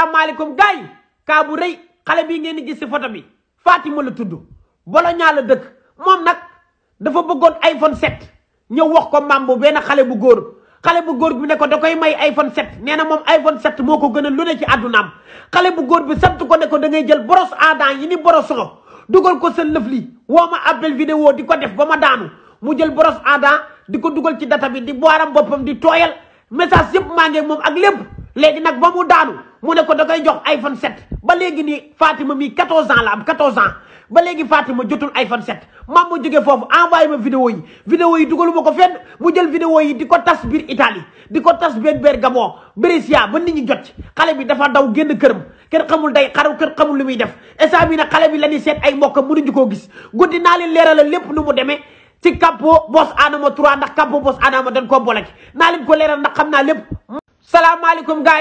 asalaamaaleykum gars yi kaa bu rëy xale bii ngeen di gis si photo bi Fatima la tudd Bologna la dëkk moom nag dafa bëggoon iPhone 7 ñëw wax ko maam bu benn xale bu góor xale bu góor bi ne da koy may iPhone 7 nee na moom iPhone 7 moo ko gën a lu ne ci àddunaam xale bu góor bi sant ko ne ko da ngay jël brosse à dents yi ni soo dugal ko sa lëf li woo ma appel vidéo di ko def ba ma daanu mu jël brosse à dents di ko dugal ci data bi di booram boppam di tooyal message yëpp maa ngi moom ak lépp léegi nag ba mu daanu. mu ne ko da koy jox iPhone 7 ba léegi nii Fatima mii 14 ans la am 14 ans ba léegi Fatima jotul iPhone set maam mu jógee foofu envoyé ma vidéo yi vidéo yi dugalu dugaluma ko fenn mu jël vidéo yi di ko tas biir Italie di ko tas biir Bergamo Brescia ba nit ñi jot xale bi dafa daw génn kër kër xamul day xaru kër xamul lu muy def instant bi nag xale bi la ñuy seet ay mbokkam mënuñu koo gis guddi naa leen leeralal lépp nu mu demee. ci Capo Boss Adama 3 ndax Capo Boss Adama dañ koo boole naa leen ko leeral ndax xam naa lépp. salaamaaleykum gars